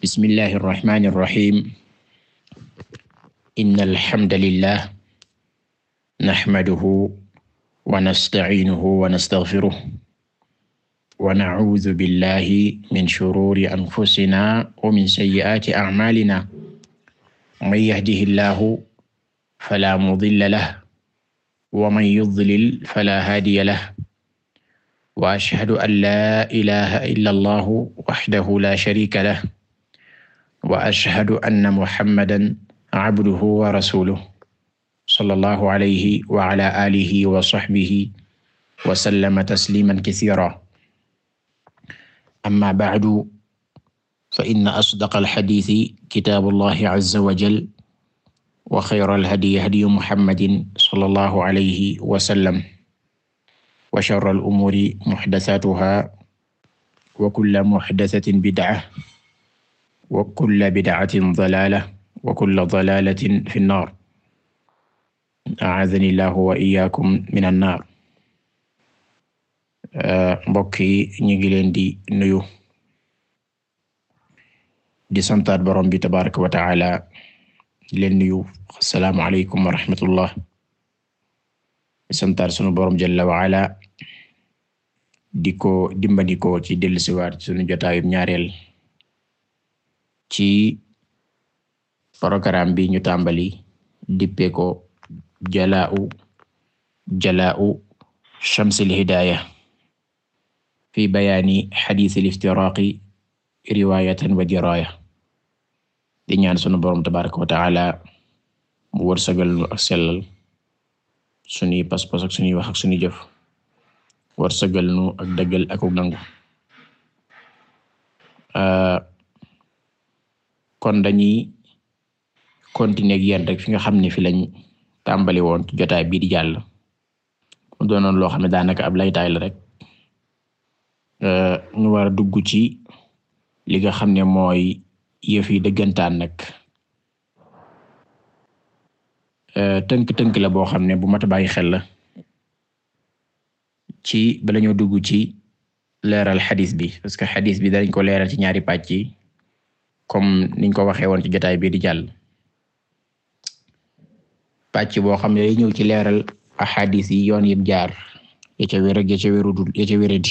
bismillahi irrahmani irrahim inna alhamdalillah naxmaduhu wa nastaciinuhu wa nastaxfiruh wa nacuudu billahi min shuruuri anfusina wa min sayyi'aati acmaalina man yahdihillahu falaa mudilla lahu wa man yudlil falaa haadiya lahu wa ashhadu an laa ilaaha illa allahu waxdahu laa shariika lahu wa ashhadu anna muhammadan abduhu wa rasuluhu sallallahu alayhi wa ala alihi wa sahbihi wa sallama tasliman kathira amma ba'du fa inna asdaqal hadiisi kitaabullahi azza wa jal wa xayral hadyi hadyu muhammadin sallallahu alayhi wa sallam wa sharral umuuri muhdathatuhaa wa kullu muhdathatin bid'a wa kulla bid'atin dalaala wa fi nnaar a'aadhani llaahu wa iyyaakum mina nnaar mbokk yi ñu ngi leen di nuyu di santaat borom bi tabaaraka wa ta'aala di leen nuyu assalaamu di santaat sunu borom jalla wa ala ko dimbali ko ci dellusiwaat sunu jotaayub ñaareel ci programme bi ñu tàmbali dippe ko Jalaa'u Jalaa'u Shamsil Hidaaya fi bayaani hadiisil iftiraaqi riwaayatan wa diraaya di ñaan sunu boroom tabaaraka wa ta'aala mu wërsëgal nu ak sellal sunuy pas-pas ak sunuy wax ak sunuy jëf nu ak dëggal ak nangu kon dañuy continuer ak yéen rek fi nga xam ne fi lañ tàmbali woon ci jotaay bii di jàll mu doonoon loo xam ne daanaka ab laytaay la rek euh, ñu war a dugg ci li nga xam ne mooy yëf yi dëggantaan nag euh, tënk-tënk la boo xam ne bu mat a bàyyi xel la ci bala dugg ci leeral xadis bi parce que xadis bi dañ ko leeral ci ñaari pàcc yi comme niñ ko waxee woon ci jotaay bii di jàll pàcc boo xam ne day ñëw ci leeral axadis yi yoon yim jaar ya ca wér ak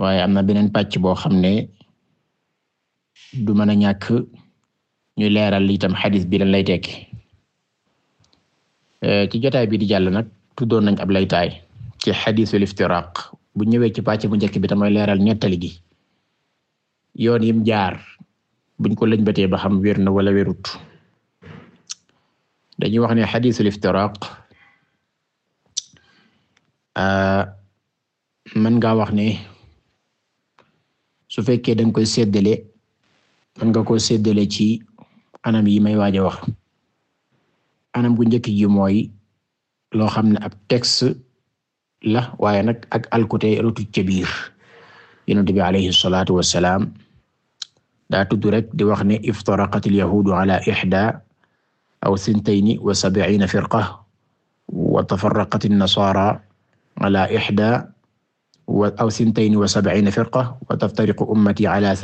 waaye am na beneen pàcc boo xam ne du mën a ñàkk ñu leeral itam xadis bi lan lay tekki ci jotaay bi di jàll nag tuddoon nañ ab laytaay ci xadisul iftiraq bu ñëwee ci pàcc bu njëkk bi tamay leeral ñettali gi yoon yim jaar buñ ko lëñbatee ba xam wér na wala wérut dañuy wax ne xadiisul iftiraaq ah, mën ngaa wax ne su fekkee danga koy séddale mën nga ko séddale ci anam yi may waaj a wax anam gu njëkk gi mooy loo xam ne ab texte la waaye nag ak alkute rotut ca yonent bi wa salaam tudd rek di wax ne iftaraqatil yahuudu ala ihda aw sintayni wa sab'iina firqa wa tafarraqatin nasaara ala aw firqa wa taftariqu ummati ala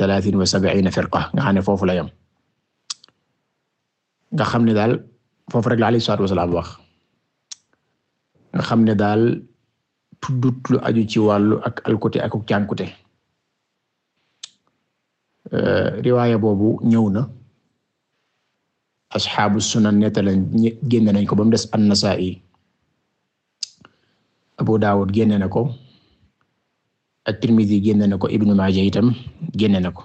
firqa nga xam ne foofu la xam ne daal foofu rek la xam ne daal lu aju ci wàllu ak ak cànkute Euh, riwaaya boobu ñëw na asxaabu sunan nettalañ génne nañ ko ba mu des an-Nasaa'i Abu Dawud génne na ko at-Tirmidhi génne na ko Ibnu Maaja itam génne na ko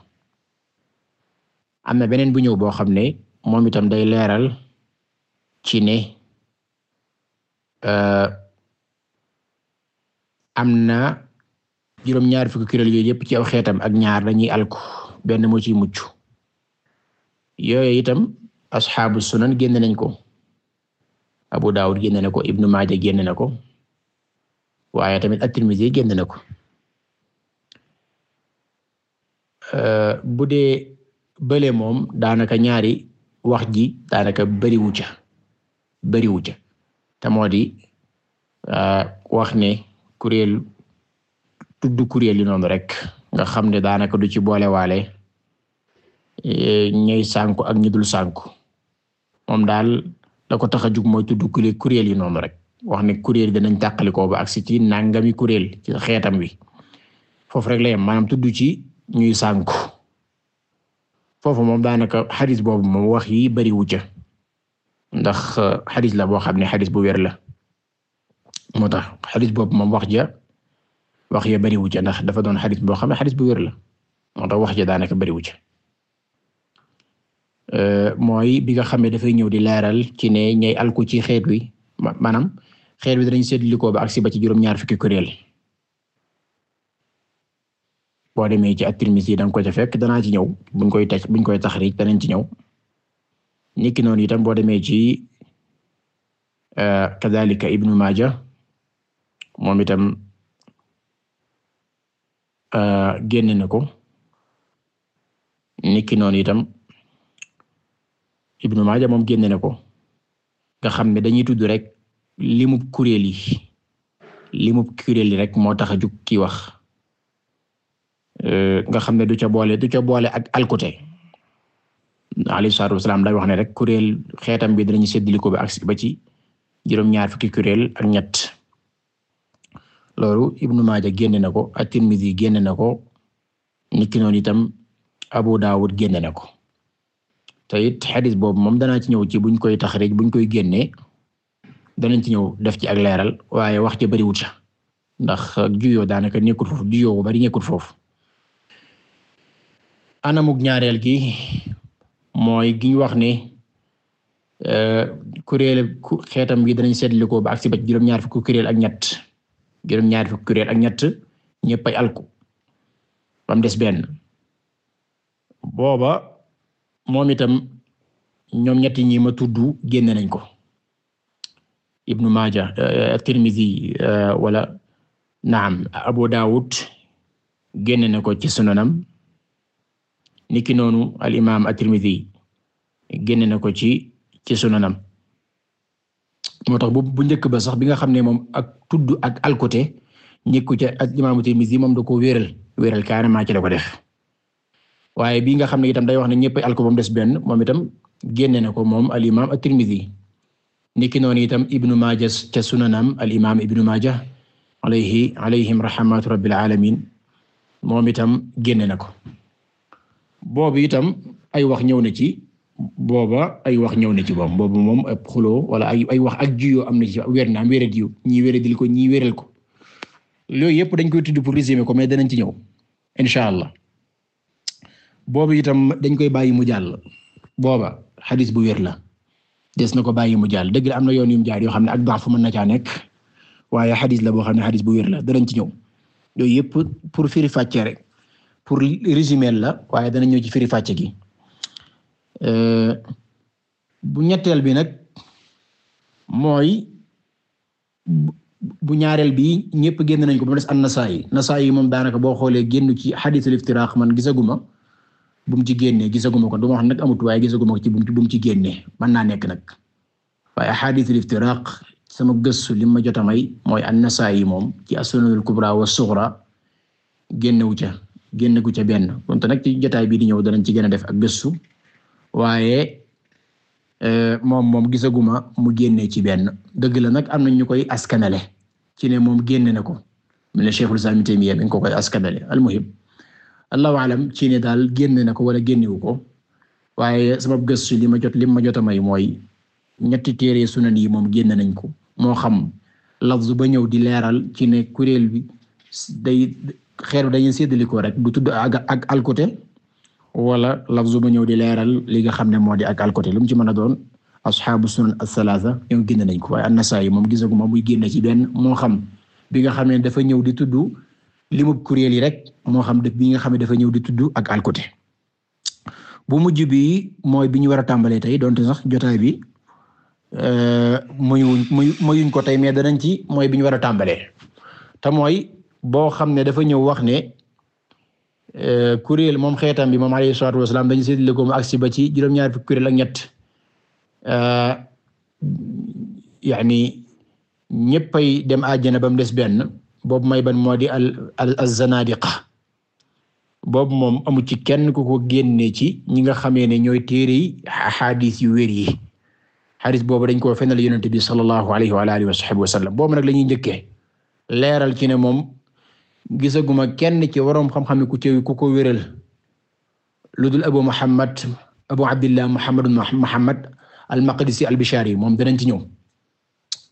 am na beneen bu ñëw boo xam ne moom itam day leeral ci ne euh, am na juróom ñaar fukki kuréel yooyu yëpp ci aw xeetam ak ñaar dañuy alko benn moo ciy mucc yooyu itam asxaabu sunan génne nañ ko Abu Dawud génne na ko Ibnu Maaja génne na ko waaye tamit At-Tirmidhi na ko euh, bu dee bële moom daanaka ñaari wax ji daanaka bariwu ca bariwu ca te moo di euh, wax ne kuréel tudd kuréel yi noonu rek. nga xam ne daanaka du ci boolewaale eh, ñay sànku ak ñi dul sànku moom daal da ko tax a jug mooy tudd kuréel yi noonu rek wax ne kuréel yi danañ tàqalikoo ba si ci nangami kuréel ci xeetam wi foofu rek la yem maanaam tudd ci ñuy sànku foofu moom daanaka xaris boobu moom wax yi bari wu ca ndax eh, xadis la boo xam ne xadis bu wér la moo tax xadis boobu moom wax ja wax ya bariwu ca ndax dafa doon xadis boo xam ne xadis bu la moo tax wax ja daanaka bariwu ca euh, mooy bi nga xam ne dafay ñëw di laaral ci ne ñay alku ci xeet wi maanaam xeet wi danañ seetlikoo ba agsi ba ci juróom-ñaar fukki kuréel boo demee ci at-Tirmidhi da nga ko ca fekk danaa ci ñëw buñ koy taj buñ koy taxrij danañ ci ñëw niki noonu itam boo demee ci euh, kadhalika Ibnu Maaja moom itam Euh, génne na ko niki noonu itam Ibnu Maaja moom génne na ko nga xam ne dañuy tudd rek limub kuréel yi limub kuréel yi rek moo tax a jug ki wax euh, nga xam ne du ca boole du ca boole ak alkute alayhi salaatu wasalaam day wax ne rek kuréel xeetam bi dinañu séddale ko ba ak ba ci juróom-ñaar fukki kuréel ak ñett. loolu Ibnu Maaja génne na ko at-Tirmidhi génne na ko niki noonu itam Abu Dawud génne na ko te it xadis boobu moom danaa ci ñëw ci buñ koy tax rek buñ koy génnee danañ ci ñëw def ci ak leeral waaye wax ci bariwut sax ndax juyoo daanaka nekkul foofu juyoo bu bari nekkul foofu. anamug ñaareel gi mooy gi ñu wax ne. Euh, kuréel xeetam gi danañ seetlu ko ba àggsi ba juróom-ñaar fukki kuréel ak ñett. juróom ñaari fukki kuréel ak ñett ñëpp ay alku bam des benn booba moom itam ñoom ñetti ñi ma tudd génne nañ ko Ibnu Maaja eh, Tirmizi eh, wala naam Abu Dawud génne na ko ci sunanam niki noonu al imaam at-Tirmizi na ko ci ci sunanam moo tax boobu bu njëkk ba sax bi nga xam ne moom ak tudd ak alkote ñekku ca ak imaamu Tirmidhi moom da ko wéeral wéeral carrément ci la ko def waaye bi nga xam ne itam day wax ne ñëpp alko bam des benn moom itam génne na ko moom al imaam at-Tirmidhi niki noonu itam Ibnu Maaja ca sunanam al imaam Ibnu Maaja alayhi alayhim rahmatu rabbil alamin moom itam génne na ko boobu itam ay wax ñëw na ci booba ay wax ñëw na ci moom boobu moom ab xuloo wala ay ay wax ak juyoo am na ci weer naam weeree diw ñii weeree dil ko ñii weereel ko loolu yëpp dañ koy tudd pour résumer ko mais danañ ci ñëw incha allah boobu itam dañ koy bàyyi mu jàll booba xadis bu wér la des na ko bàyyi mu jàll dëgg am na yoon yu mu jaar yoo xam ne ak baax mën na caa nekk waaye xadis la boo xam ne xadis bu wér la danañ ci ñëw loolu yëpp pour firi fàcce rek pour résumer la waaye danañ ñëw ci firi fàcce gi. Euh, bu ñetteel bi nag mooy bu ñaareel bi ñëpp génn nañ ko ba mu des an-Nasaa'i Nasaa'i moom daanaka boo xoolee génn ci xadiisul iftiraax man gisaguma bu mu ci génnee gisaguma ko duma wax nag amut waaye gisaguma ko ci bu mu ci génnee man naa nekk nag waaye xadiisul iftiraax sama gëstu li ma jot a may mooy an-Nasaa'i moom ci as-sunanul kubra wa sughra génnewu ca génne gu ca benn konte nag ci jotaay bii di ñëw danañ ci gën a def ak gëstu waaye euh, moom moom gisaguma mu génne ci benn dëgg la nag am na ñu koy askanale ci ne moom génne na ko mu ne Cheikhul Islam Ibn Taymiyya mi ngi ko koy askanale almuhim allahu alam ci ne daal génne na ko wala génnewu ko waaye sama gëstu li ma jot li ma jot may mooy ñetti téere sunan yi moom génne nañ ko moo xam lafzu ba ñëw di leeral ci ne kuréel bi day xeer bi dañuy séddale ko rek du tudd ak ak alkote wala lafzu bu ñëw di leeral li nga xam ne moo di ak al côté lu mu ci mën a doon asxaabu sunan as-salaasa ñoom génn nañ ko waaye an-Nasaa'i moom gisaguma muy génn ci benn moo xam bi nga xam ne dafa ñëw di tudd limub kuréel yi rek moo xam def bi nga xam ne dafa ñëw di tudd ak al bu mujj bi mooy bi ñu war a tàmbalee tey donte sax jotaay bi muyuñ muy muyuñ ko tey mais danañ ci mooy bi ñu war a tàmbalee te mooy boo xam ne dafa ñëw wax ne Euh, kuréel moom xeetam bi moom alayhi salaatu dañu séddale ko mu agsi ba ci juróom-ñaar fukki kuréel ak ñett euh, yaani ñëppay dem àjjana ba mu des benn boobu may ban moo di al az-zanaadiqa boobu moom amu ci kenn ku ko génne ci ñi nga xamee ne ñooy téere yi xadis yu wér yi xadis boobu dañ koo fenal yonent bi sallallahu alayhi wa alihi wa sahbihi wa nag la ñuy njëkkee leeral ci ne moom gisaguma kenn ci waroom xam-xam ku ci ku ko wéral lu dul Abu Muhammad Abu Abdillah Muhammad Muhammad al-Maqdisi al-Bishari moom dinañ ci ñëw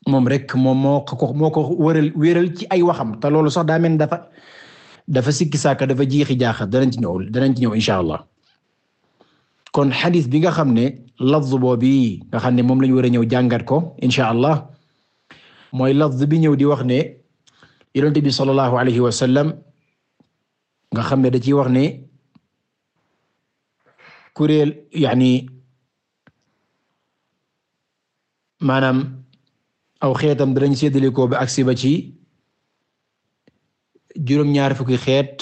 moom rek moom moo ko moo ko wéral wéral ci ay waxam te loolu sax daa mel dafa dafa sikki dafa jiixi jaaxa danañ ci ñëw danañ ci ñëw insha allah kon xadis bi nga xam ne lafz boobu nga xam ne moom lañu war a ñëw jàngat ko insha allah mooy lafz bi ñëw di wax ne yonent bi sallallahu alayhi wa sallam nga xam ne da ciy wax ne kuréel yaani maanaam aw xeetam danañ séddalikoo ba agsi ba ci juróom-ñaar fukki xeet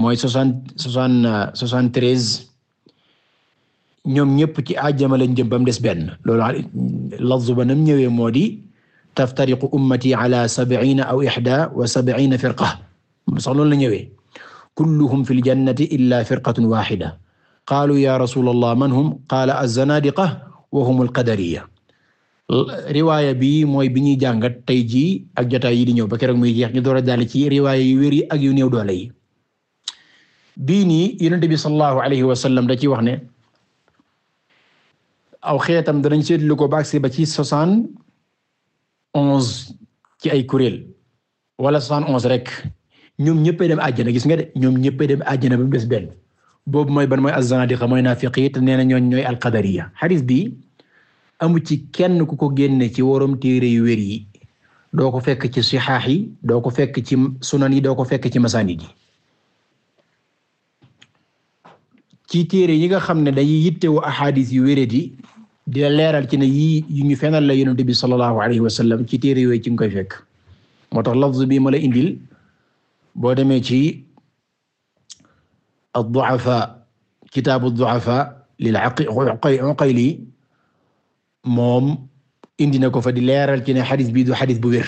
mooy soixante soixante soixante ñoom ñëpp ci àjjama lañ jëm des benn loolu nam ñëwee moo taftariqu ummati ala sab'iina aw ihdaa wa firqa sax loolu la ñëwee kulluhum fil jannati illaa firqatun waahida man hum qaala az-zanaadiqa wa humul qadariyya riwaaya bi mooy bi ñuy jàngat tey ji ak jotaay yi di ñëw ba keroog muy jeex ñu door a daal yu wér ak yu néew doole yi bi sallallahu alayhi wa sallam da ciy wax ne aw xeetam danañ seetlu ko ba agsi ba ci soixante onze ci ay kuréel wala soixante onze rek ñoom ñëppay dem àjjana gis nga de ñoom ñëppay dem àjjana ba mu benn boobu mooy ban mooy az-zanadiqa mooy naafiqi te nee na ñooñ ñooy al-qadariya bi amu ci kenn ku ko génne ci worom téere yu wér yi doo ko fekk ci sixaax yi doo ko fekk ci sunan yi doo ko fekk ci masaanid yi ci téere yi nga xam ne day yittewu axadis yu wérét yi dina leeral ci ne yii yu ñu fenal la yonent bi sallallahu alayhi wa sallam ci téere yooyu ci nga koy fekk moo tax lafz bii ma la indil boo demee ci ad-du'afa kitaabu ad-du'afa lil Uqayli moom indi na ko fa di leeral ci ne xadis bii du xadis bu wér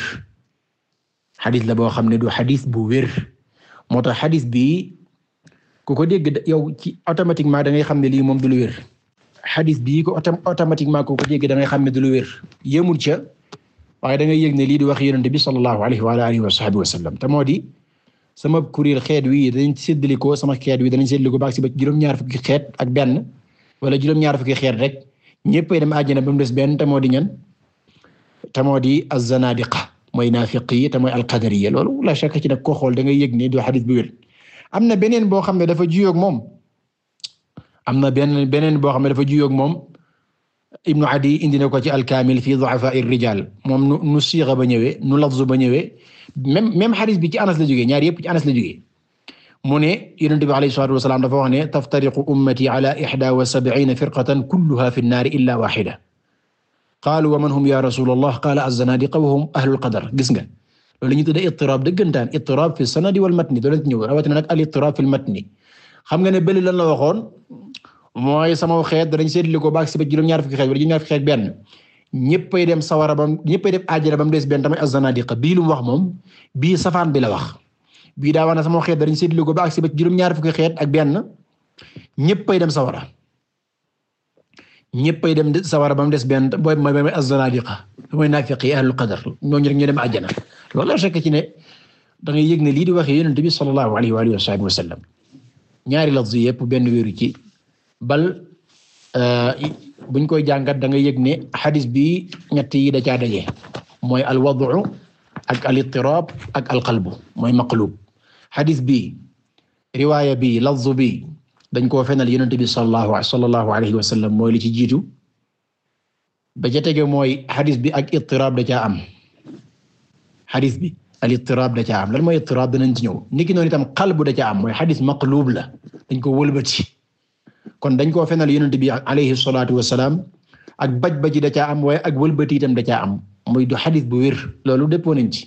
xadis la boo xam ne du xadis bu weer moo tax xadis bii ku ko dégg yow ci automatiquement da ngay xam ne lii moom du lu wér xadis bii ko automatiquement koo ko jéggi da ngay xam ne du lu wér ca waaye da ngay yëg ne lii di wax yonent bi sallallahu alayhi wa alihi wa sahbihi wa sallam te moo di sama kuréel xeet wi danañ séddalikoo sama xeet wi danañ séddalikoo baax si ba juróom-ñaar fukki xeet ak benn wala juróom-ñaar fukki xeet rek ñëppay dem àjjana ba mu des benn te moo di ñan te moo di az-zanadiqa mooy naafiq yi te mooy al loolu la shakka ci nag koo xool da ngay yëg ne du xadis bu wér am na beneen boo xam ne dafa jiyoog moom am na benn beneen boo xam ne dafa juyoog moom Ibnu Adi indi na ko ci al-Kaamil fi du'afaa ar-rijaal moom nu nu siixa ba ñëwee nu lafzu ba ñëwee même même xadis bi ci Anas la jógee ñaar yëpp ci Anas la jógee mu ne Yonent bi alayhi salaatu wa salaam dafa wax ne taftariqu ummatii alaa ihdaa wa sab'iina firqatan kulluhaa fi an-naari illaa waahida qaaluu wa man hum yaa rasuulallaah qaala az-zanaadiqa wa hum ahlul qadar gis nga loolu la ñuy tuddee ittiraab dëggantaan ittiraab fi sanadi wal matni doole ñëw rawatina nag al-ittiraab fil matni xam nga ne bëli lan la waxoon mooy sama xeet danañ seetli ko baag si ba juróom-ñaar fukki xeet wala juróom-ñaar fukki xeet benn ñëppay dem sawara bam ñëppay dem àjjana bam des benn tamit az-zanadiqa bii lu mu moom bii safaan bi la wax bii daa wax ne sama xeet danañ seetli ko baag si ba juróom-ñaar fukki xeet ak benn ñëppay dem sawara ñëppay dem sawara mu des benn booy mooy mooy az-zanadiqa mooy naafiqi ahlul qadar ñooñu rek ñoo dem àjjana loolu la fekk ci ne da ngay yëg ne lii di waxee yonent bi sallallahu alayhi wa alihi wa sallam ñaari lafz yëpp benn wéeru ci bal euh, buñ koy jàngat da nga yëg ne xadis bi ñett yi da caa mooy al wadu ak al ak al mooy maqlub xadis bi riwaaya bi lafz bi dañ koo fenal yonent bi sallallahu sallallahu alayhi wa sallam mooy li ci jiitu ba ca tege mooy xadis bi ak ittirab da caa am xadis bi al ittiraab da caa am mooy ittiraab danañ ci ñëw niki noonu itam qalbu da caa am mooy xadis maqluub la dañ ko wëlbati kon dañ koo fenal yonent bi alayhi salaatu wasalaam ak ba baji da caa am waaye ak wëlbati itam da caa am muy du xadis bu wér loolu dëppoo nañ ci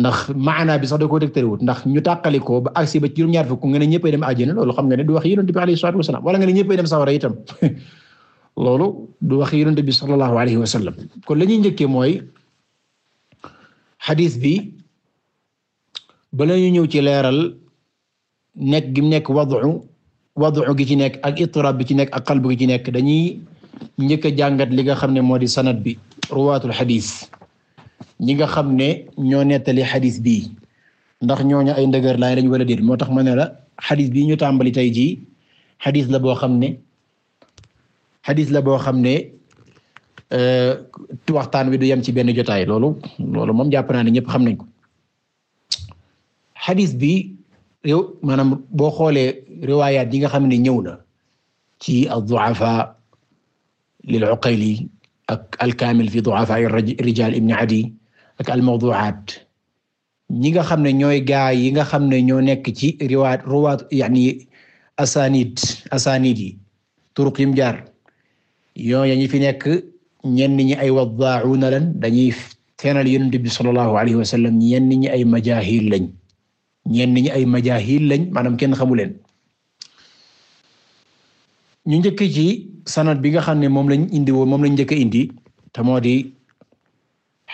ndax maana bi sax da koo teg tëriwut ndax ñu tàqalikoo ba agsi ba ci juróom-ñaar fukk nga ne ñëppay dem àjjana loolu xam nga ne du wax yonent bi alayhi salaatu wasalaam wala nga ne ñëppay dem sawara itam loolu du wax yonent bi sallallahu la ñuy njëkkee mooy xadis bi bala ñu ñëw ci leeral nekk gi nekk wadu wadu gi ci nekk ak itirab bi ci nekk ak qalb gi ci nekk dañuy njëkk a jàngat li nga xam ne moo di sanat bi ruwaatul xadiis ñi nga xam ne ñoo nettali xadiis bi ndax ñooñu ay ndëgër laay lañ wala déet moo tax ma ne la xadiis bii ñu tàmbali tey jii xadiis la boo xam ne xadiis la boo xam ne euh, waxtaan wi du yem ci benn jotaay loolu loolu moom jàpp naa ne ñëpp xam nañ ko xadis bi réew maanaam boo xoolee riwaayaat yi nga xam ne ñëw na ci ad-du'afa lil Uqayli ak al-Kaamil fi du'afa ar-rijaal ibn Adi ak al-mawdu'aat ñi nga xam ne ñooy gaa yi nga xam ne ñoo nekk ci riwaat ruwaat yani asanid asanid yi turuq yim jaar yooya ñi fi nekk ñenn ñi ay wadda'una lan dañuy fenal Yonent bi sallallahu alayhi wa sallam ñenn ñi ay majaahil lañ ñenn ñi ay majaahil lañ maanaam kenn xamu leen ñu njëkk ci sanad bi nga xam ne moom lañ indi moom lañ njëkk indi te moo di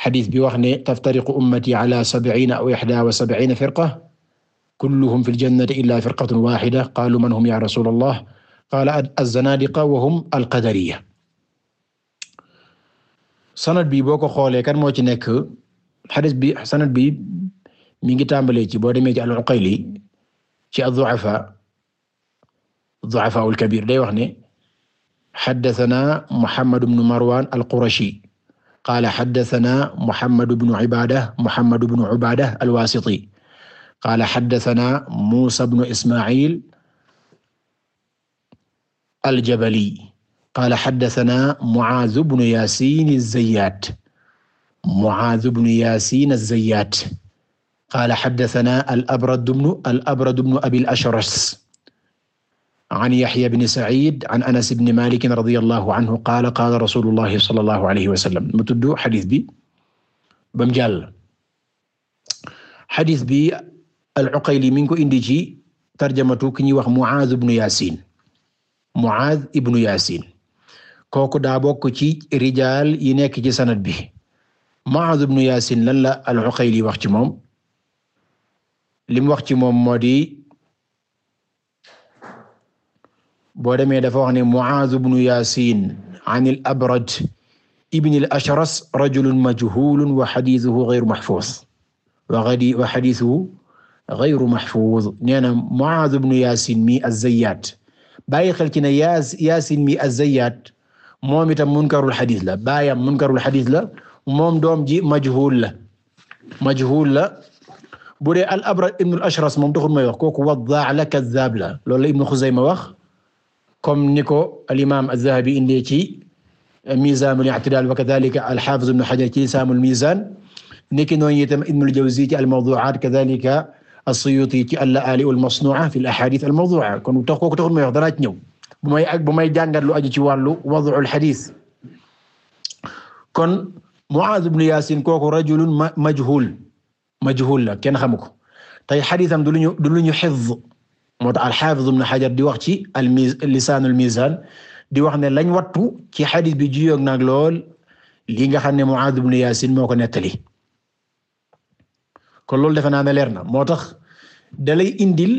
xadis bi wax ne taftariqu ummati ala sab'ina aw ihda wa sab'ina firqa kulluhum fi ljannati illa firqatun waxida qaalu man hum ya rasul allah zanadiqa wa hum al-qadariya sanad bi boo ko xoolee kan moo ci nekk xadis bi bi mi ngi tàmbalee ci boo demee ci al-Uqayli ci ad-du'afa ad-du'afa al-kabir day wax ne haddathana Muhammad ibn Marwan al-Qurashi qaala haddathana Muhammad ibn Ubaada Muhammad ibn Ubaada al-Wasiti qaala haddathana Muusa ibn Isma'il al-Jabali qaala haddathana Mu'aaz ibn Yaasiin az-Zayyaat Mu'aaz ibn Yaasiin az-Zayyaat qaala xaddasanaa al abrad bnu al abrad bnu abil ashras an yaxya bni saciid an anas bni maalik radiyallahu anhu qaala qaala rasuulullahi sallallahu alayhi wa sallam mu tudd xadis bi bam jàll xadis bi al-Uqayli mi ngi ko indi ci tarjamatu ki ñuy wax Muaaz ibnu Yaasiin Muaaz ibnu Yaasiin kooku daa bokk ci rijaal yi nekk ci sanad bi Muaaz ibnu Yaasiin lan la al-Uqayli wax ci moom li mu wax ci moom moo di boo demee dafa wax ne Mu'aaz ibnu Yaasiin an al-Abraj ibn al-Ashras rajulun majhuulun wa hadiisuhu ghayru mahfuuz wa hadiisuhu ghayru mahfuuz nee na Mu'aaz ibnu Yaasiin mi az-Zayyaat bàyyi xel ci ne Yaasiin mi az-Zayyaat moom itam munkarul xadiis la baayam munkarul xadiis la moom doom ji majhuul la majhuul la bu dee al abra ibnul ashras moom taxul may wax kooku waddaa la kazaab la loolu la ibnu xuzayma wax comme ni ko al imam az-zahabi indee ci mizaanul i'tidaal wa kadhalika al hafiz ibnu hajar ci lisaanul mizaan niki noonu itam ibnul jawzi ci al mawdu'aat kadhalika as-suyuti ci al la'aali al masnuu'a fi al ahaadiith al mawduu'a kon tax kooku taxul may wax danaa ci ñëw bu may ak bu may jàngat lu aju ci wàllu wad'ul hadiith kon Mu'aaz ibnu Yaasiin kooku rajulun majhuul majhul la kenn xamu ko tey xadiisam du lu ñu lu ñu xifz moo tax al na Ibn Hajar di wax ci al-Miz Lisaanul Miisaan di wax ne lañ wattu ci xadiis bi juyoog nag lool lii nga xam ne Muaaz ibn Yaasiin moo ko nettali kon loolu defe naa ne leer na moo tax dalay indil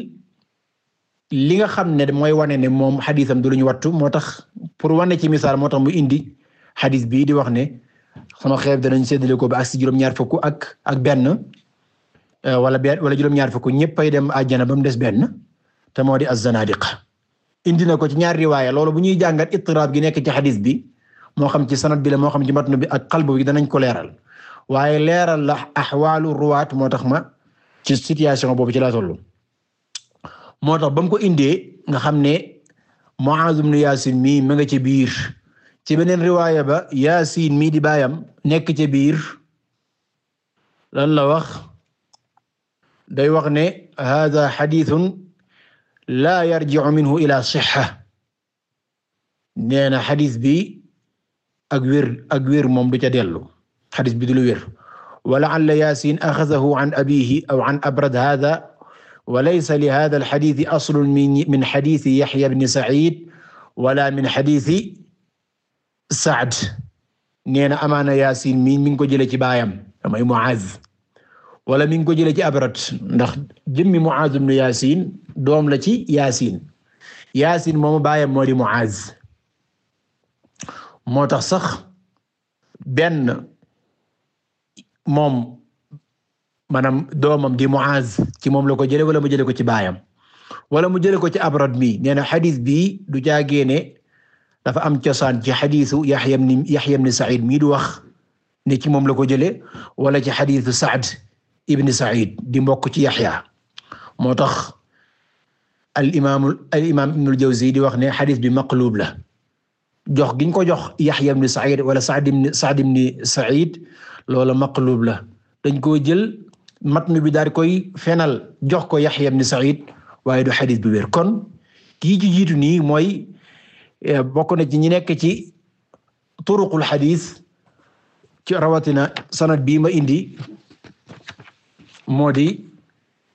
li nga xam ne mooy wane ne moom xadisam du lu wattu moo tax pour wane ci misaal moo tax mu indi xadiis bii di wax ne sama xeeb danañ séddale ko ba ak si juróom-ñaar fukk ak ak benn. Euh, wala benn wala juróom-ñaar fukk ñëppay dem àjjana ba mu des benn te moo di az-zanaadiqa indi na ko ci ñaar riwaaya loolu bu ñuy jàngat ittiraab gi nekk ci xadis bi moo xam ci sanad bi moo xam ci matn bi ak qalb bi danañ ko leeral waaye leeral la axwaalu ruwaat moo tax ma ci situation boobu ci laa tollu moo tax ba ko indee nga xam ne Muaz ibn Yasin mii ma nga ci biir ci beneen riwaaya ba Yasin mii di baayam nekk ci biir lan la wax day wax ne hada xadithun laa yarji'u minhu ila sixxa nee na xadis bi ak wér ak wér moom du ca dellu xadis bi du lu wér wa la'alla yasin axadahu an abihi aw an abrad hada wa laysa li hada alxadisi aslun min xadisi yaxya bni sacid wala min xadisi sacd nee na amaana yasin mi mi ngi ko jëlee ci baayam damay Muaz wala mi ngi ko jëlee ci abrat ndax jëmmi Muaz ibn Yasin doom la ci Yasin Yasin moomu baayam moo di Muaz moo tax sax benn moom maanaam doomam di Muaz ci moom la ko jëlee wala mu jëlee ko ci baayam wala mu jële ko ci abrat mi nee na xadis bii du jaagee ne dafa am cosaan ci xadisu Yaxya ibn Yaxya ibn Sa'id mii du wax ni ci moom la ko jëlee wala ci xadisu saad ibn Sa'id di mbokk ci Yaxya moo tax al imaam al imaam Ibnul di wax ne xadis bi maqlub la jox giñ ko jox Yaxya ibn Sa'id wala Sa'd ibn Sa'd ibn Sa'id loola maqlub la dañ ko jël matn bi daal koy fenal jox ko Yaxya ibn Sa'id waaye du xadis bi weer kon kii ci jiitu nii mooy eh, bokk na ci ñi nekk ci turuqul xadis ci rawatina sanad bii ma indi. moo di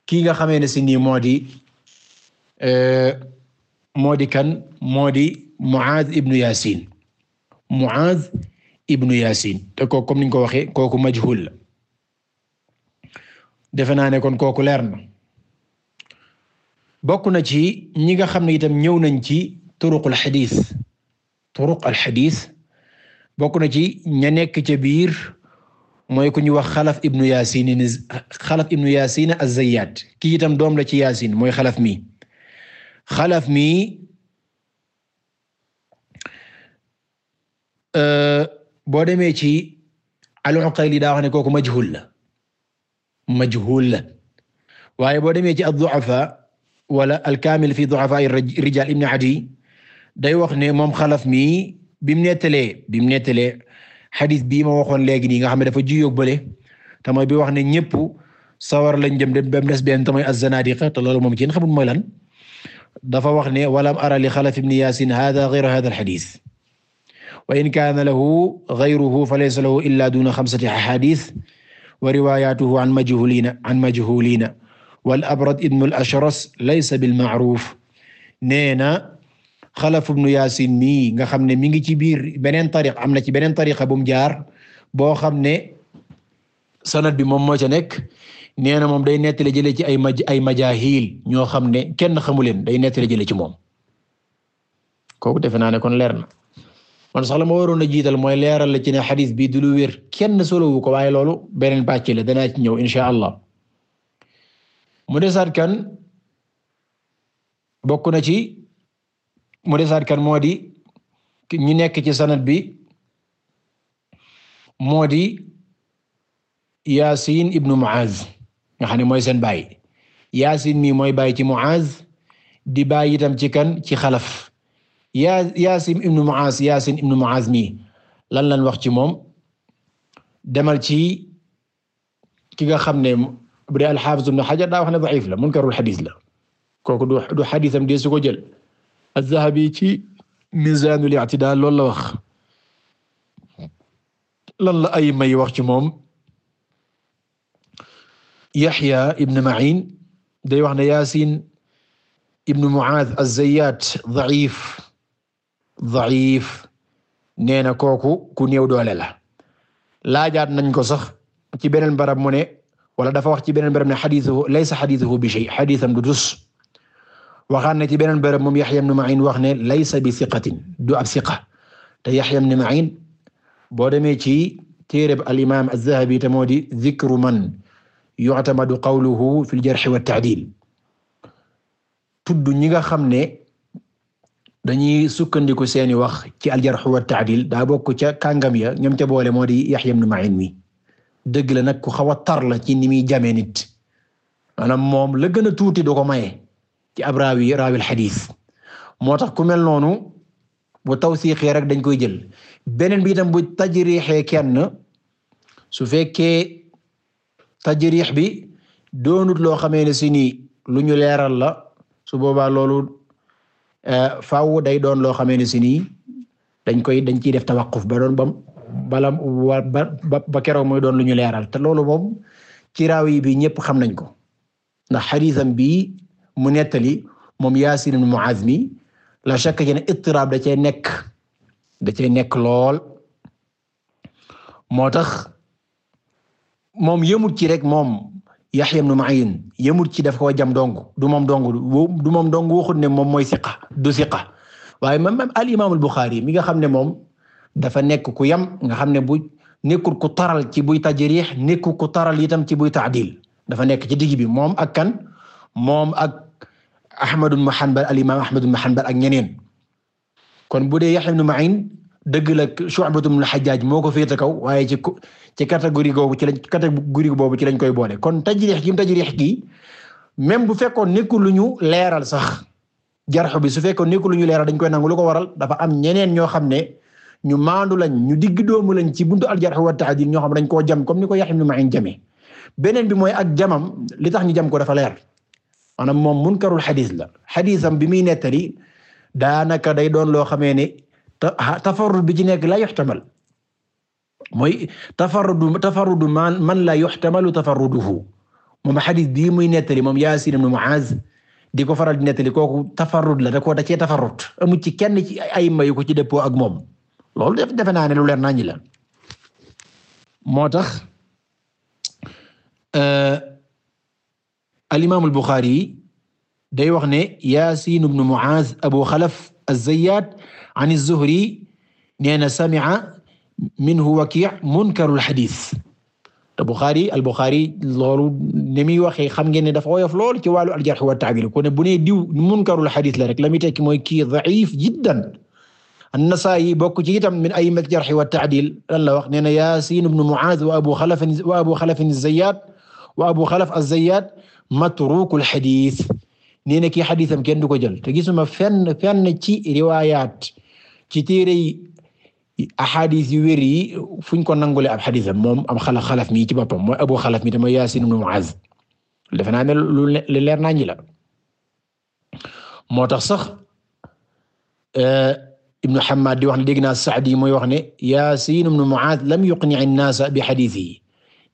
kii nga xamee ne si nii moo di euh, moo di kan moo di Muaaz ibnu Yaasin Muaaz ibnu Yaasin te ko comme niñ ko waxee kooku majhul la defe naa ne kon kooku leer na bokk na ci ñi nga xam ne itam ñëw nañ ci turuq al xadiis turuq al xadiis bokk na ci ña nekk ca biir mooy ku ñu wax xalaf ibnu yaasin ni xalaf ibnu yaasin kii itam doom la ci yaasin mooy xalaf mi xalaf mi euh, boo demee ci al-Uqayli daawax ne kooku majhul la majhul la waaye boo demee ci ad-Du'afa wala al-Kaamil fi du'afaa'i day wax ne moom xalaf mi bi nettalee bim nettalee xadis bii ma waxoon léegi nii nga xam ne dafa ji yóbbale te mooy bi wax ne ñëpp sawar lañ jëm dem ba mu des benn te mooy az-zanadiqa te loolu moom kenn xamul mooy lan dafa wax ne walam ara li Xalaf ibn Yaasin hada ghayra hada al-hadith wa in kaana lahu ghayruhu fa laysa lahu illa duna khamsati ahadith wa riwayatuhu an majhulina an majhulina wal abrad ibn al-ashras laysa bil ma'ruf neena Xalaf ibn Yaasin mii nga xam ne mi ngi ci biir beneen tariq am na ci beneen tariqa bu mu jaar boo xam ne sanad bi moom moo ca nekk nee na moom day nettali jëlee ci ay maj ay majaahil ñoo xam ne kenn xamu leen day nettali jëlee ci moom kooku defe naa ne kon leer na man sax la ma waroon a jiital mooy leeral la ci ne xadis bi du lu wér kenn solowu ko waaye loolu beneen pàcc la danaa ci ñëw insha allah mu desaat kan bokk na ci. mu desaat kan moo di ñi nekk ci sanad bi moo di Yaasin ibnu Muaz nga xam ne mooy seen baay Yaasin mii mooy baay ci Muaz di baay itam ci kan ci xalaf yaa Yaasin ibnu Muaz Yaasin ibnu Muaz mii lan lan wax ci moom demal ci ki nga xam ne bu dee al-Hafiz ibnu Hajar daa wax ne da'if la munkarul xadis la kooku du du xadisam dee su ko jël az-Zahabi ci Mizaanul I'tidaal loolu la wax lan la ay may wax ci moom Yaxya ibn Ma'in day wax ne Yaasin ibn Mu'aaz az-Zayyaat da'if da'if nee na kooku ku néew doole la laajaat nañ ko sax ci beneen barab mu ne wala dafa wax ci beneen barab ne xadiisuhu laysa xadiisuhu bi shay xadiisam du dus waxaan na ci beneen barab moom Yaxya ibn Ma'in wax ne laysa bi siqatin du ab siqa te Yaxya ibn Ma'in boo demee ci téereb al imaam az-Zahabi te moo di zikru man yu'tamadu qawluhu fil jarh wa ta'dil tudd ñi nga xam ne dañuy sukkandiku seeni wax ci al jarh wa daa bokk ca kàngam ya ñoom ca boole moo di Yaxya ibn Ma'in mi dëgg la nag ku xaw a tar ci ni muy jamee nit maanaam moom la gën a tuuti du ko maye ci ab raawi raawil xadiis moo tax ku mel noonu bu tawsiixee rek dañ koy jël beneen bi itam bu tajriixee kenn su fekkee tajriix bi doonut loo xamee ne si nii lu ñu leeral la su boobaa loolu eh, faaw day doon loo xamee ne si nii dañ koy dañ ciy def tawaquf ba doon bam balam ba ba keroog mooy doon lu ñu leeral te loolu moom ci raawi bi ñëpp xam nañ ko ndax xadiisam bi mu nettali moom Yaasin ibn Muaz mi la shakka ci ne ittiraab da cee nekk da cee nekk lool moo tax moom yëmut ci rek moom Yaxya ibn Ma'in yëmut ci daf koo jam dong du moom dong du moom dong waxut ne moom mooy siqa du siqa waaye même al imaam al Buxaari mi nga xam ne moom dafa nekk ku yam nga xam ne bu nekkul ku taral ci buy tajriix nekkul ku taral itam ci buy taadil dafa nekk ci digg bi moom ak kan moom ak Ahmad ibn Hanbal al imam Ahmad ibn Hanbal ak ñeneen kon bu dee Yahya ibn Ma'in dëgg la Shu'bah ibn al-Hajjaj moo ko féete kaw waaye ci ci catégorie boobu ci lañ catégorie boobu ci lañ koy boole kon tajrih gi mu tajrih gi même bu fekkoon nekkul lu ñu leeral sax jar bi su fekkoon nekkul lu ñu leeral dañ koy nangu lu ko waral dafa am ñeneen ñoo xam ne ñu maandu lañ ñu digg doomu lañ ci buntu al-jarh wa ta'dil ñoo xam dañ koo jam comme ni ko Yahya ibn Ma'in jamee beneen bi mooy ak jamam li tax ñu jam ko dafa leer maanaam moom munkarul xadis la xadisam bi muy nettali daanaka day doon loo xamee ne tafarrud bi ci nekk la yuxtamal mooy tafarrudu tafarrudu man man la yuxtamalu tafarruduhu moom xadis bii muy nettali moom Yaasin ibn Muaz di ko faral di nettali kooku tafarrud la da koo da cee tafarrud amu ci kenn ci ay mayu ko ci dëppoo ak moom loolu def defe naa ne lu leer nañu la moo tax. Euh, al imaam al Buxaari day wax ne Yaasiin ibnu Mucaaz Abu Xalaf az-Zayyaat an az-Zuhri nee na sami'a minhu Wakii' munkarul xadiis Buxaari al Buxaari loolu ni muy waxee xam ngeen ne dafa woyof lool ci wàllu al jarh wa ta'diil ku ne bu nee diw munkarul xadiis la rek la muy tekki mooy kii daciif jiddan an-Nasaa'i bokk ci itam min a'immat al jarh wa ta'diil lan la wax nee na Yaasiin ibnu Mucaaz wa Abu Xalaf wa Abu Xalaf az-Zayyaat wa Abu Xalaf az-Zayyaat matrukul xadiis nee na kii xadiisam kenn du ko jël te gisuma fenn fenn ci riwaayaat ci téere yi axadis yu wér yi fuñ ko nangulee ab xadiisam moom am xala xalaf mi ci boppam mooy abu xalaf mi te mooy Yaasin ibn Muaz defe naa ne naa ñi la moo tax sax eh, Ibnu Hammad di wax ne dégg naa Saadi mooy wax ne Yaasin ibn Muaz lam yuqni an-naasa bi xadiisihi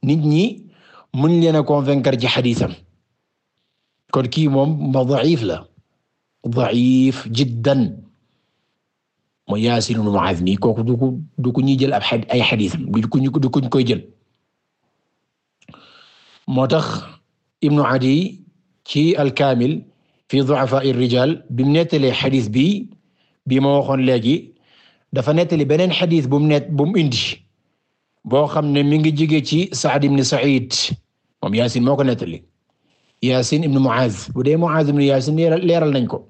nit ñi mën leen a convaincre ci xadiisam kon kii moom ma da'if la da'if jiddan mooy Yaasiin ibn Mu'aaz nii kooku ko du ko jël ab ay xadiisam du ko ñu du ko koy jël moo tax Ibnu Adi ci alkaamil kaamil fi du'afaa'i rijaal bi mu nettalee xadiis bi bi ma waxoon léegi dafa nettali beneen xadiis bu mu bu mu indi boo xam ne mi ngi jege ci Sa'd ibn Sa'iid moom Yaasiin moo ko nettali Yaasin ibn Muaz bu dee Muaz ibn Yaasin leeral nañ ko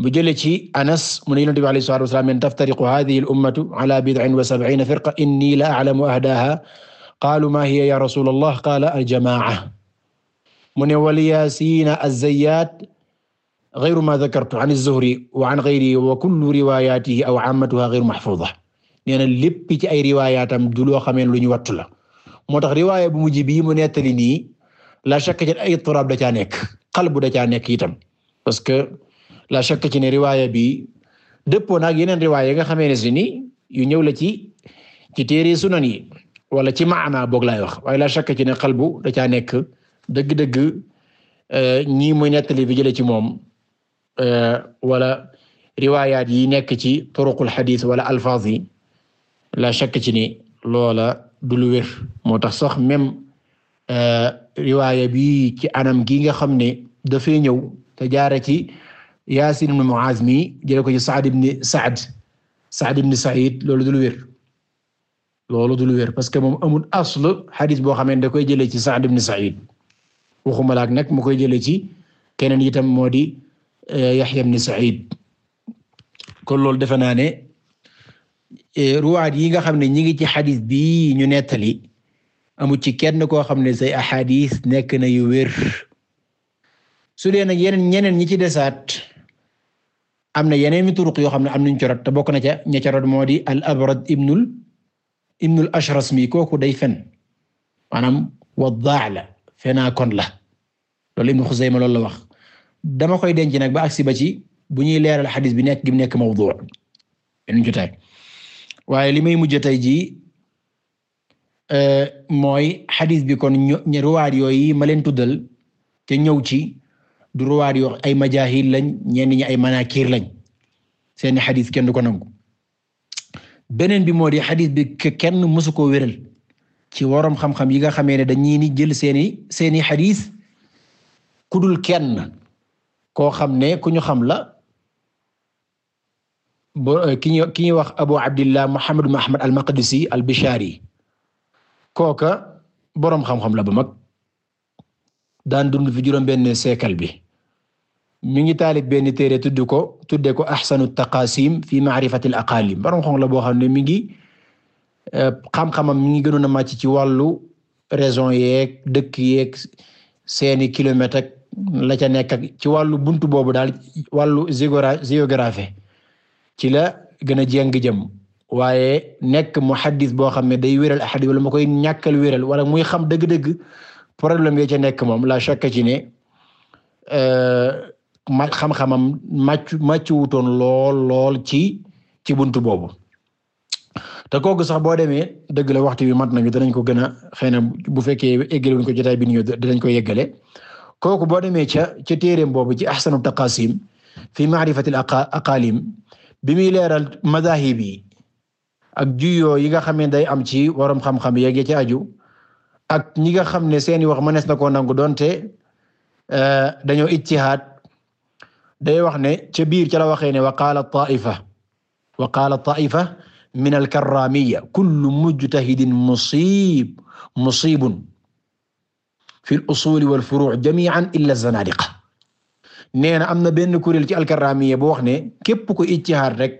bu jëlee ci Anas mu ne Yonent bi alayhi salaatu wa salaam men taftariqu haadihi al-ummatu ala bid'in wa sab'iina firqa inni la a'lamu ahdaaha qaalu maa hiya ya rasuulallah qaala al-jamaa'a mu ne wal Yaasiin az-Zayyaat ghayru maa dhakartu an az-Zuhri wa an ghayrihi wa kullu riwaayaatihi aw 'aammatuhaa ghayru mahfuuza nee na lépp ci ay riwaayaatam du loo xamee lu ñu wattu la moo tax riwaaya bu mujj bi mu nettali nii la shakka ci ay turaab da caa nekk qalbu da caa nekk itam parce que la shakka ci ne riwaaya bi dëppoo naag yeneen riwaaya yi nga xamee ne si ni yu ñëw la ci ci téere sunan yi wala ci maana boog laay wax waaye la shakka ci ne qalbu da caa nekk dëgg-dëgg euh, ñii muy nettali bi jëlee ci moom euh, wala riwaayaat yi nekk ci turuqul xadiis wala alfaaz yi la shakka ci ni loola du moo tax sax même euh, riwaaya bi ci anam gi nga xam ne dafay ñëw te ci Yaasin ibn Muaz mi jële ko ci Saad ibn Saad Saad ibn Said loolu du lu du lu wér parce que moom amul asl xadis boo xamee da koy jëlee ci Saad ibn Said waxuma nag mu koy jëlee ci keneen itam moo di eh, Yaxya ibn Said kon loolu defe naa ne eh, ruwaat yi nga xam ne ñi ngi ci xadis bi ñu nettali amu ci kenn koo xam ne say ahadis nekk na yu wér su dee nag yeneen ñeneen ñi ci desaat am na yeneen i turuq yoo xam ne am nañu corot te bokk na ca ña corot moo di al abrad ibnul ibnul ashras mi kooku day fen maanaam waddaa la fenaa kon la loolu ibnu xusayma loolu la wax dama koy denc nag ba agsi ba ci bu ñuy leeral xadiis bi nekk gi nekk mawdu' benn jotaay waaye li may mujj tey jii Euh, mooy xadiis bi kon ñu ruwaat yooyu ma leen tuddal ñëw ci du ruwaat yoo ay majahil lañ ñenn ñi ay manakir lañ seeni xadis kenn du ko nangu beneen bi moo di xadis bi kenn mësu koo wéral ci waroom xam-xam yi nga xamee ne dañuy ni jël seeni seeni xadis kudul kenn koo xam ne ku ñu xam la bo ki ñu ki ñuy wax Abu Abdillah Muhammad Ahmad al-Maqdisi al-Bishari kooka boroom xam-xam la bu mag daan dund fi juróom-benn bi mi ngi taalif benn téere tudd ko tudde ko ahsanu taqasim fi ma'rifati al-aqalim boroom xam la boo xam ne mi ngi eh, xam-xamam mi ngi gënoon a màcc ci wàllu raison yeeg dëkk yeeg seeni kilomètre ak la ca nekk ci wàllu bunt boobu daal wàllu géographie ci la gën a jéng jëm waaye nekk muhaddis boo xam ne day wéral ahadis wala ma koy ñàkkal wéral wala muy xam dëgg-dëgg problème yi ca nekk moom la shakka ci ne euh, ma xam-xamam màcc màcc wutoon lool lool ci ci buntu boobu te kooku sax boo demee dëgg la waxtu wi mat nañu danañ ko gën a xëy na bu fekkee eggale ko jotaay bi ñu danañ ko yeggale kooku boo demee ca ca téereem boobu ci ahsanu taqasim fi ma'rifati al aqalim bi muy leeral madahib yi ak juyoo yi nga xam day am ci waroom xam-xam yeeg ci aju ak ñi nga xam ne seeni wax mënees na koo nangu donte eh, dañoo ijtihaad day wax ne ca biir ca la waxee ne wa qaala ta'ifa wa qaala ta'ifa min al-karraamiyya kullu mujtahidin musiib musiibun fi al-usuul wal-furuu' jamii'an zanaadiqa nee na am na benn kuréel ci al-karraamiyya bu wax ne képp ku ijtihaad rek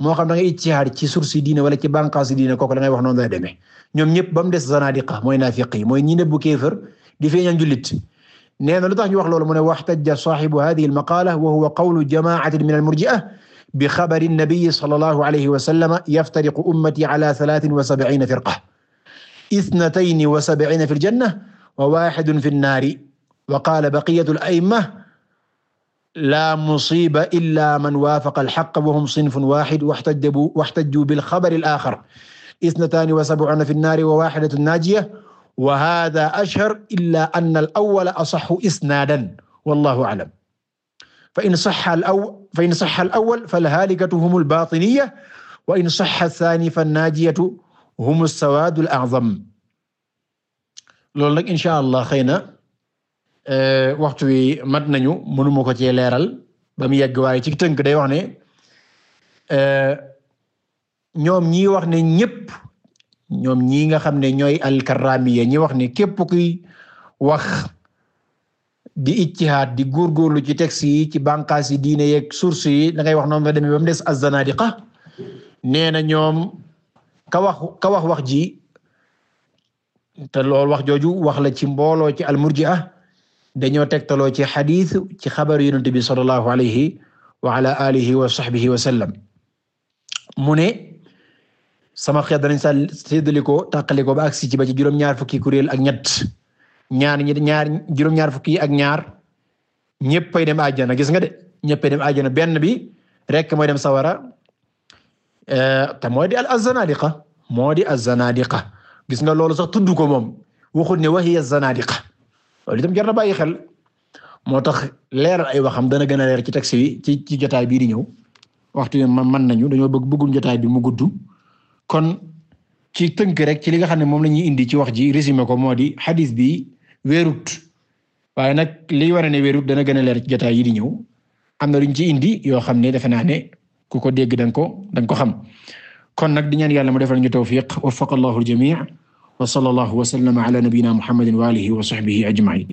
moo xam da ngay ijtihaad ci source yi diine wala ci banqaas yi diine kooku da ngay wax noonu lay demee ñoom ñëpp ba mu des zanadiqa mooy naafiq yi mooy ñi ne bu kéefër di feeñal jullit nee na lu tax ñu wax loolu mu ne waxtaja saaxibu hadihi almaqaala wa huwa qawlu jamaatin min almurji'a bi xabari nabiyi sallallahu alayhi wa sallam yaftariqu ummati ala salaatin wa sab'iina firqa isnatayni wa sab'iina fi aljanna wa waaxidun fi annaari wa qaala baqiyatu al-a'imma laa musiiba illaa man waafaqa alxaqa wa hum sinfun waaxid waxtajbu waxtajuu bilxabari alaaxar isnataani wa sabcuuna fi nnaari wa waaxidatu naajiya wa haadaa ashhar illaa anna alawwala asaxu isnaadan wallaahu aclam fa in saxa fa in saxa alawwal falhaalikatu hum albaatiniya wa in saxa alsaani fannaajiyatu hum alsawaadu alacdam loolu nag incha allah xëy na Euh, waxtu wi mat nañu mënuma ko cee leeral ba mu yegg waaye ci tënk day wax ne euh, ñoom ñi wax ne ñëpp ñoom ñii nga xam ne ñooy alkaramiya ñi wax ne képp kuy wax di ijtihaad di góorgóorlu ci texte yi ci bànqaas yi diine yeeg source yi da ngay wax noom nga demee ba mu des az-zanadiqa nee na ñoom ka wax wax ji te loolu wax jooju wax la ci mbooloo ci al-murji'a dañoo tegtaloo ci xadiis ci xabar yonent bi sallallahu alayhi wa ala alihi wa sahbihi wa sallam mu ne sama xeet danañ sa séddalikoo tàqalikoo ba agsi ci ba ci juróom-ñaar fukki kuréel ak ñett ñaar ñi ñaar juróom-ñaar fukki ak ñaar ñëppay dem àjjana gis nga de ñëppay dem àjjana benn bi rek mooy dem sawara eh, te mooy di al azanadiqa moo di azanadiqa gis nga loolu sax tudd ko moom waxut ne wahiya zanadiqa loolu itam jar na bàyyi xel moo tax leeral ay waxam dana gën a leer ci taxi bi ci ci jotaay bii di ñëw waxtu bi man nañu dañoo bëgg bëggul jotaay bi mu gudd kon ci tënk rek ci li nga xam ne moom la ñuy indi ci wax ji résumé ko moo di xadis bi wérut waaye nag lii war a ne wérut dana gën a leer ci jotaay yii di ñëw am na luñ ci indi yoo xam ne defe naa ne ku ko dégg danga ko danga ko xam kon nag di ñaan yàlla mu defal ñu tawfiq waffaqa Allahu al-jami' wa sallallahu wa sallama ala nabiyyina muhammadin wa alihi wa sahbihi ajma'in